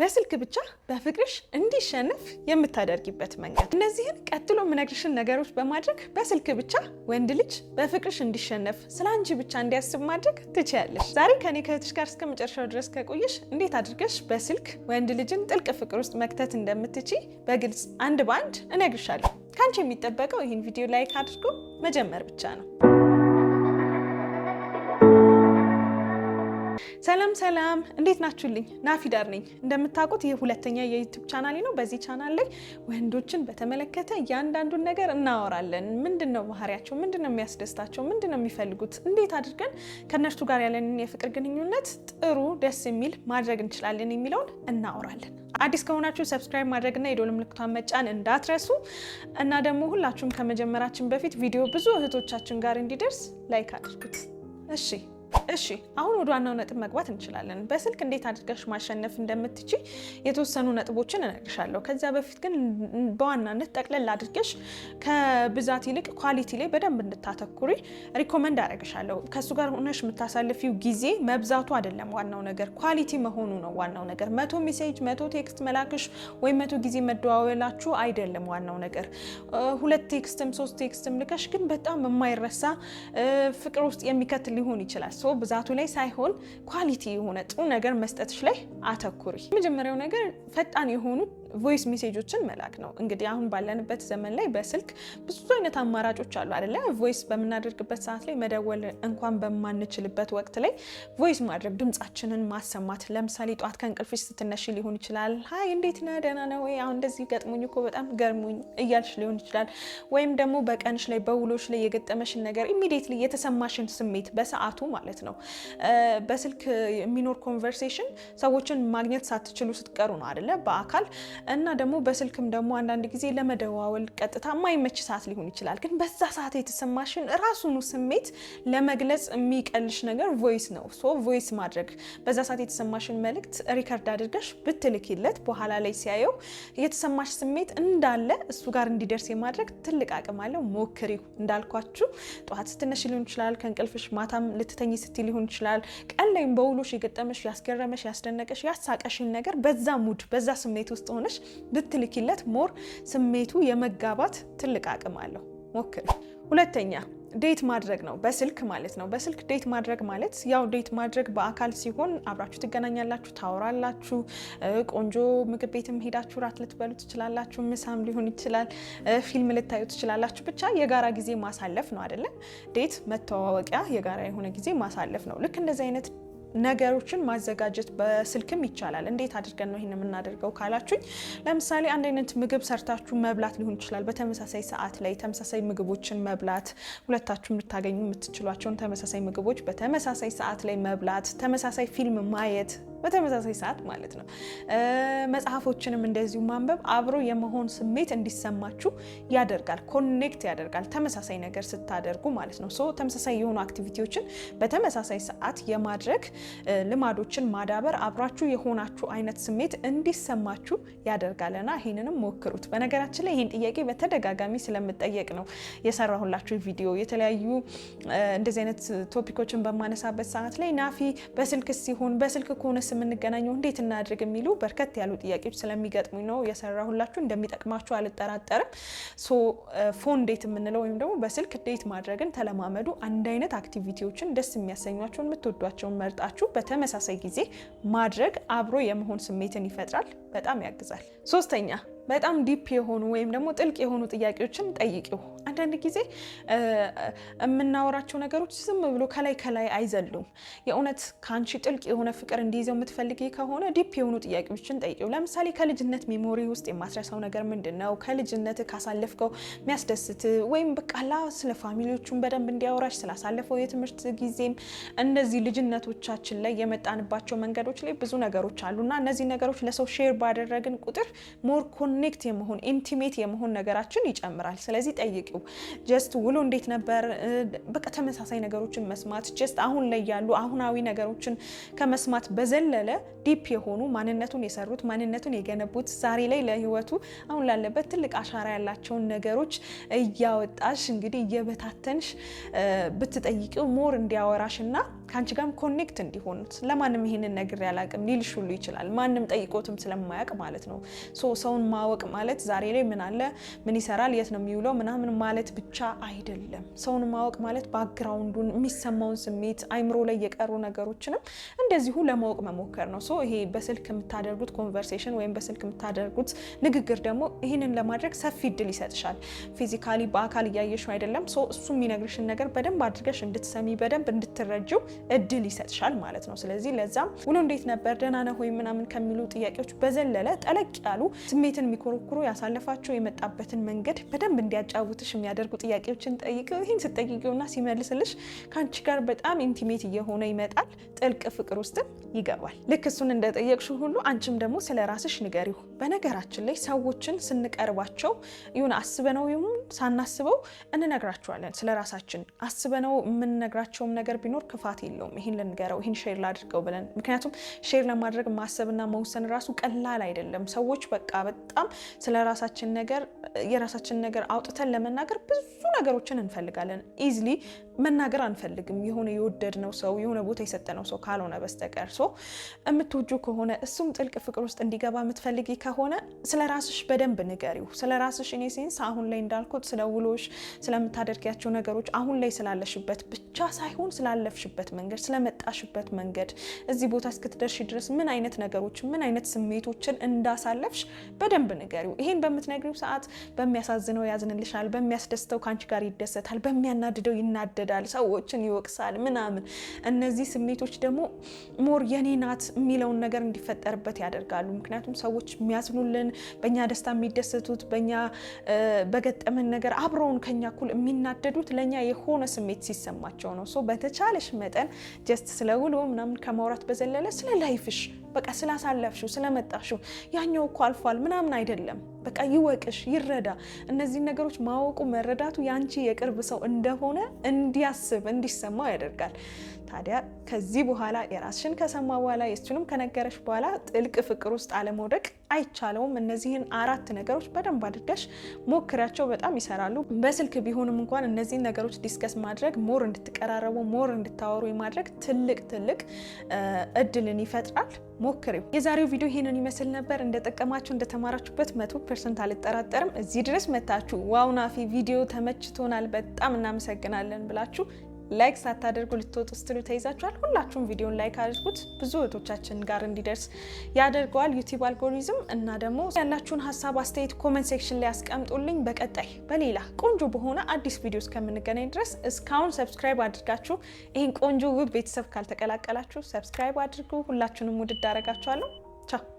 በስልክ ብቻ በፍቅርሽ እንዲሸነፍ የምታደርጊበት መንገድ። እነዚህን ቀጥሎ የምነግርሽን ነገሮች በማድረግ በስልክ ብቻ ወንድ ልጅ በፍቅርሽ እንዲሸነፍ፣ ስለ አንቺ ብቻ እንዲያስብ ማድረግ ትችያለሽ። ዛሬ ከኔ ከእህትሽ ጋር እስከ መጨረሻው ድረስ ከቆየሽ እንዴት አድርገሽ በስልክ ወንድ ልጅን ጥልቅ ፍቅር ውስጥ መክተት እንደምትቺ በግልጽ አንድ በአንድ እነግርሻለሁ። ከአንቺ የሚጠበቀው ይህን ቪዲዮ ላይክ አድርጎ መጀመር ብቻ ነው። ሰላም ሰላም፣ እንዴት ናችሁልኝ? ናፊዳር ነኝ። እንደምታውቁት ይህ ሁለተኛ የዩቱብ ቻናሌ ነው። በዚህ ቻናል ላይ ወንዶችን በተመለከተ እያንዳንዱን ነገር እናወራለን። ምንድን ነው ባህሪያቸው? ምንድን ነው የሚያስደስታቸው? ምንድን ነው የሚፈልጉት? እንዴት አድርገን ከእነርሱ ጋር ያለንን የፍቅር ግንኙነት ጥሩ፣ ደስ የሚል ማድረግ እንችላለን የሚለውን እናወራለን። አዲስ ከሆናችሁ ሰብስክራይብ ማድረግና የዶል ምልክቷን መጫን እንዳትረሱ እና ደግሞ ሁላችሁም ከመጀመራችን በፊት ቪዲዮ ብዙ እህቶቻችን ጋር እንዲደርስ ላይክ አድርጉት። እሺ እሺ አሁን ወደ ዋናው ነጥብ መግባት እንችላለን። በስልክ እንዴት አድርገሽ ማሸነፍ እንደምትች የተወሰኑ ነጥቦችን እነግርሻለሁ። ከዚያ በፊት ግን በዋናነት ጠቅለል አድርገሽ ከብዛት ይልቅ ኳሊቲ ላይ በደንብ እንድታተኩሪ ሪኮመንድ አደረግሻለሁ። ከእሱ ጋር ሆነሽ የምታሳልፊው ጊዜ መብዛቱ አይደለም ዋናው ነገር፣ ኳሊቲ መሆኑ ነው ዋናው ነገር። መቶ ሜሴጅ መቶ ቴክስት መላክሽ ወይም መቶ ጊዜ መደዋወላችሁ አይደለም ዋናው ነገር። ሁለት ቴክስትም ሶስት ቴክስትም ልከሽ ግን በጣም የማይረሳ ፍቅር ውስጥ የሚከት ሊሆን ይችላል ሶ ብዛቱ ላይ ሳይሆን ኳሊቲ የሆነ ጥሩ ነገር መስጠትሽ ላይ አተኩሪ። የመጀመሪያው ነገር ፈጣን የሆኑ ቮይስ ሜሴጆችን መላክ ነው። እንግዲህ አሁን ባለንበት ዘመን ላይ በስልክ ብዙ አይነት አማራጮች አሉ አደለ? ቮይስ በምናደርግበት ሰዓት ላይ መደወል እንኳን በማንችልበት ወቅት ላይ ቮይስ ማድረግ፣ ድምጻችንን ማሰማት። ለምሳሌ ጠዋት ከእንቅልፍሽ ስትነሽ ሊሆን ይችላል። ሀይ እንዴት ነህ? ደህና ነህ ወይ? አሁን እንደዚህ ገጥሞኝ እኮ በጣም ገርሞኝ እያልሽ ሊሆን ይችላል። ወይም ደግሞ በቀንሽ ላይ በውሎሽ ላይ የገጠመሽን ነገር ኢሚዲየትሊ የተሰማሽን ስሜት በሰዓቱ ማለት ማለት ነው። በስልክ የሚኖር ኮንቨርሴሽን ሰዎችን ማግኘት ሳትችሉ ስትቀሩ ነው አደለ? በአካል እና ደግሞ በስልክም ደግሞ አንዳንድ ጊዜ ለመደዋወል ቀጥታ ማይመች ሰዓት ሊሆን ይችላል። ግን በዛ ሰዓት የተሰማሽን ራሱኑ ስሜት ለመግለጽ የሚቀልሽ ነገር ቮይስ ነው። ሶ ቮይስ ማድረግ በዛ ሰዓት የተሰማሽን መልእክት ሪከርድ አድርገሽ ብትልክለት በኋላ ላይ ሲያየው የተሰማሽ ስሜት እንዳለ እሱ ጋር እንዲደርስ የማድረግ ትልቅ አቅም አለው። ሞክሪው። እንዳልኳችሁ ጠዋት ስትነሽ ሊሆን ይችላል ከእንቅልፍሽ ማታም ልትተኝ ስቲ ሊሆን ይችላል። ቀን ላይም በውሎሽ የገጠመሽ ያስገረመሽ፣ ያስደነቀሽ፣ ያሳቀሽን ነገር በዛ ሙድ በዛ ስሜት ውስጥ ሆነሽ ብትልኪለት ሞር ስሜቱ የመጋባት ትልቅ አቅም አለው። ሞክሪ። ሁለተኛ ዴት ማድረግ ነው፣ በስልክ ማለት ነው። በስልክ ዴት ማድረግ ማለት ያው ዴት ማድረግ በአካል ሲሆን አብራችሁ ትገናኛላችሁ፣ ታወራላችሁ። ቆንጆ ምግብ ቤትም ሄዳችሁ ራት ልትበሉ ትችላላችሁ፣ ምሳም ሊሆን ይችላል፣ ፊልም ልታዩ ትችላላችሁ። ብቻ የጋራ ጊዜ ማሳለፍ ነው አይደለም? ዴት መተዋወቂያ፣ የጋራ የሆነ ጊዜ ማሳለፍ ነው። ልክ እንደዚህ አይነት ነገሮችን ማዘጋጀት በስልክም ይቻላል። እንዴት አድርገን ነው ይህን የምናደርገው ካላችሁኝ፣ ለምሳሌ አንድ አይነት ምግብ ሰርታችሁ መብላት ሊሆን ይችላል። በተመሳሳይ ሰዓት ላይ ተመሳሳይ ምግቦችን መብላት፣ ሁለታችሁም ልታገኙ የምትችሏቸውን ተመሳሳይ ምግቦች በተመሳሳይ ሰዓት ላይ መብላት፣ ተመሳሳይ ፊልም ማየት በተመሳሳይ ሰዓት ማለት ነው። መጽሐፎችንም እንደዚሁ ማንበብ አብሮ የመሆን ስሜት እንዲሰማችሁ ያደርጋል፣ ኮኔክት ያደርጋል። ተመሳሳይ ነገር ስታደርጉ ማለት ነው። ሶ ተመሳሳይ የሆኑ አክቲቪቲዎችን በተመሳሳይ ሰዓት የማድረግ ልማዶችን ማዳበር አብራችሁ የሆናችሁ አይነት ስሜት እንዲሰማችሁ ያደርጋልና ይህንንም ሞክሩት። በነገራችን ላይ ይህን ጥያቄ በተደጋጋሚ ስለምጠየቅ ነው የሰራሁላችሁ ቪዲዮ። የተለያዩ እንደዚህ አይነት ቶፒኮችን በማነሳበት ሰዓት ላይ ናፊ በስልክ ሲሆን በስልክ ከሆነ የምንገናኘው እንዴት እናድርግ የሚሉ በርከት ያሉ ጥያቄዎች ስለሚገጥሙኝ ነው የሰራሁላችሁ። እንደሚጠቅማችሁ አልጠራጠርም። ሶ ፎን እንዴት የምንለው ወይም ደግሞ በስልክ ዴት ማድረግን ተለማመዱ። አንድ አይነት አክቲቪቲዎችን ደስ የሚያሰኟቸውን የምትወዷቸውን መርጣችሁ በተመሳሳይ ጊዜ ማድረግ አብሮ የመሆን ስሜትን ይፈጥራል፣ በጣም ያግዛል። ሶስተኛ በጣም ዲፕ የሆኑ ወይም ደግሞ ጥልቅ የሆኑ ጥያቄዎችን ጠይቂው። አንዳንድ ጊዜ የምናወራቸው ነገሮች ዝም ብሎ ከላይ ከላይ አይዘሉም። የእውነት ከአንቺ ጥልቅ የሆነ ፍቅር እንዲይዘው የምትፈልጊ ከሆነ ዲፕ የሆኑ ጥያቄዎችን ጠይቂው። ለምሳሌ ከልጅነት ሜሞሪ ውስጥ የማስረሳው ነገር ምንድን ነው? ከልጅነት ካሳለፍከው የሚያስደስት ወይም በቃላ ስለ ፋሚሊዎቹን በደንብ እንዲያወራሽ ስላሳለፈው የትምህርት ጊዜም እነዚህ ልጅነቶቻችን ላይ የመጣንባቸው መንገዶች ላይ ብዙ ነገሮች አሉና እነዚህ ነገሮች ለሰው ሼር ባደረግን ቁጥር ሞር ኮኔክት የመሆን ኢንቲሜት የመሆን ነገራችን ይጨምራል። ስለዚህ ጠይቂው። ጀስት ውሎ እንዴት ነበር፣ በቃ ተመሳሳይ ነገሮችን መስማት ጀስት አሁን ላይ ያሉ አሁናዊ ነገሮችን ከመስማት በዘለለ ዲፕ የሆኑ ማንነቱን የሰሩት ማንነቱን የገነቡት ዛሬ ላይ ለህይወቱ አሁን ላለበት ትልቅ አሻራ ያላቸውን ነገሮች እያወጣሽ እንግዲህ እየበታተንሽ ብትጠይቂው ሞር እንዲያወራሽ እና ከአንቺ ጋርም ኮኔክት እንዲሆኑት ለማንም ይሄንን ነግሬ አላውቅም ሊልሽ ሁሉ ይችላል። ማንም ጠይቆትም ስለማያውቅ ማለት ነው። ሶ ሰውን ማወቅ ማለት ዛሬ ላይ ምን አለ፣ ምን ይሰራል፣ የት ነው የሚውለው ምናምን ማለት ብቻ አይደለም። ሰውን ማወቅ ማለት ባክግራውንዱን፣ የሚሰማውን ስሜት፣ አይምሮ ላይ የቀሩ ነገሮችንም እንደዚሁ ለማወቅ መሞከር ነው። ሶ ይሄ በስልክ የምታደርጉት ኮንቨርሴሽን ወይም በስልክ የምታደርጉት ንግግር ደግሞ ይህንን ለማድረግ ሰፊ እድል ይሰጥሻል። ፊዚካሊ በአካል እያየሽው አይደለም። ሶ እሱ የሚነግርሽን ነገር በደንብ አድርገሽ እንድትሰሚ በደንብ እንድትረጅው እድል ይሰጥሻል ማለት ነው። ስለዚህ ለዛም ውሎ እንዴት ነበር ደህና ነህ ወይ ምናምን ከሚሉ ጥያቄዎች በዘለለ ጠለቅ ያሉ ስሜትን የሚኮረኩሩ ያሳለፋቸው የመጣበትን መንገድ በደንብ እንዲያጫውትሽ የሚያደርጉ ጥያቄዎችን ጠይቀው። ይህን ስጠይቂውና ሲመልስልሽ ከአንቺ ጋር በጣም ኢንቲሜት እየሆነ ይመጣል፣ ጥልቅ ፍቅር ውስጥም ይገባል። ልክ እሱን እንደጠየቅሽው ሁሉ አንቺም ደግሞ ስለ ራስሽ ንገሪው። በነገራችን ላይ ሰዎችን ስንቀርባቸው ይሁን አስበነው ይሁን ሳናስበው እንነግራቸዋለን። ስለ ራሳችን አስበነው የምንነግራቸውም ነገር ቢኖር ክፋት የለም የለውም፣ ይህን ልንገረው፣ ይህን ሼር ላድርገው ብለን ምክንያቱም ሼር ለማድረግ ማሰብና መውሰን ራሱ ቀላል አይደለም። ሰዎች በቃ በጣም ስለ ራሳችን ነገር የራሳችን ነገር አውጥተን ለመናገር ብዙ ነገሮችን እንፈልጋለን። ኢዝሊ መናገር አንፈልግም፣ የሆነ የወደድነው ሰው የሆነ ቦታ የሰጠነው ሰው ካልሆነ በስተቀር። ሶ የምትውጁ ከሆነ እሱም ጥልቅ ፍቅር ውስጥ እንዲገባ የምትፈልጊ ከሆነ ስለ ራስሽ በደንብ ንገሪው። ስለ ራስሽ እኔ ሴንስ አሁን ላይ እንዳልኩት ስለ ውሎሽ፣ ስለምታደርጊያቸው ነገሮች፣ አሁን ላይ ስላለሽበት ብቻ ሳይሆን ስላለፍሽበት መንገድ፣ ስለመጣሽበት መንገድ፣ እዚህ ቦታ እስክትደርሽ ድረስ ምን አይነት ነገሮችን ምን አይነት ስሜቶችን እንዳሳለፍሽ በደንብ ንገሪው። ይሄን በምትነግሪው ሰዓት በሚያሳዝነው ያዝንልሻል፣ በሚያስደስተው ከአንቺ ጋር ይደሰታል፣ በሚያናድደው ይናደዳል፣ ሰዎችን ይወቅሳል ምናምን። እነዚህ ስሜቶች ደግሞ ሞር የኔ ናት የሚለውን ነገር እንዲፈጠርበት ያደርጋሉ። ምክንያቱም ሰዎች የሚያዝኑልን በእኛ ደስታ የሚደሰቱት በእኛ በገጠመን ነገር አብረውን ከኛ እኩል የሚናደዱት ለእኛ የሆነ ስሜት ሲሰማቸው ነው። በተቻለሽ መጠን ጀስት ስለ ውሎ ምናምን ከማውራት በዘለለ ስለ ላይፍሽ በቃ ስላሳለፍሽው ስለመጣሽው ያኛው እኮ አልፏል ምናምን አይደለም። በቃ ይወቅሽ፣ ይረዳ። እነዚህን ነገሮች ማወቁ መረዳቱ ያንቺ የቅርብ ሰው እንደሆነ እንዲያስብ እንዲሰማው ያደርጋል። ታዲያ ከዚህ በኋላ የራስሽን ከሰማ በኋላ የሱንም ከነገረሽ በኋላ ጥልቅ ፍቅር ውስጥ አለመውደቅ አይቻለውም። እነዚህን አራት ነገሮች በደንብ አድርገሽ ሞክሪያቸው፣ በጣም ይሰራሉ። በስልክ ቢሆንም እንኳን እነዚህን ነገሮች ዲስከስ ማድረግ ሞር እንድትቀራረቡ ሞር እንድታወሩ የማድረግ ትልቅ ትልቅ እድልን ይፈጥራል። ሞክሪው። የዛሬው ቪዲዮ ይህንን ይመስል ነበር። እንደጠቀማችሁ እንደተማራችሁበት መቶ ፐርሰንት አልጠራጠርም። እዚህ ድረስ መታችሁ ዋው ናፊ ቪዲዮ ተመችቶናል በጣም እናመሰግናለን ብላችሁ ላይክ ሳታደርጉ ልትወጡ ስትሉ ተይዛችኋል። ሁላችሁም ቪዲዮን ላይክ አድርጉት፣ ብዙ እህቶቻችን ጋር እንዲደርስ ያደርገዋል ዩቲዩብ አልጎሪዝም። እና ደግሞ ያላችሁን ሀሳብ አስተያየት ኮመንት ሴክሽን ላይ አስቀምጡልኝ። በቀጣይ በሌላ ቆንጆ በሆነ አዲስ ቪዲዮ እስከምንገናኝ ድረስ እስካሁን ሰብስክራይብ አድርጋችሁ ይህን ቆንጆ ውብ ቤተሰብ ካልተቀላቀላችሁ ሰብስክራይብ አድርጉ። ሁላችሁንም ውድድ አረጋችኋለሁ። ቻው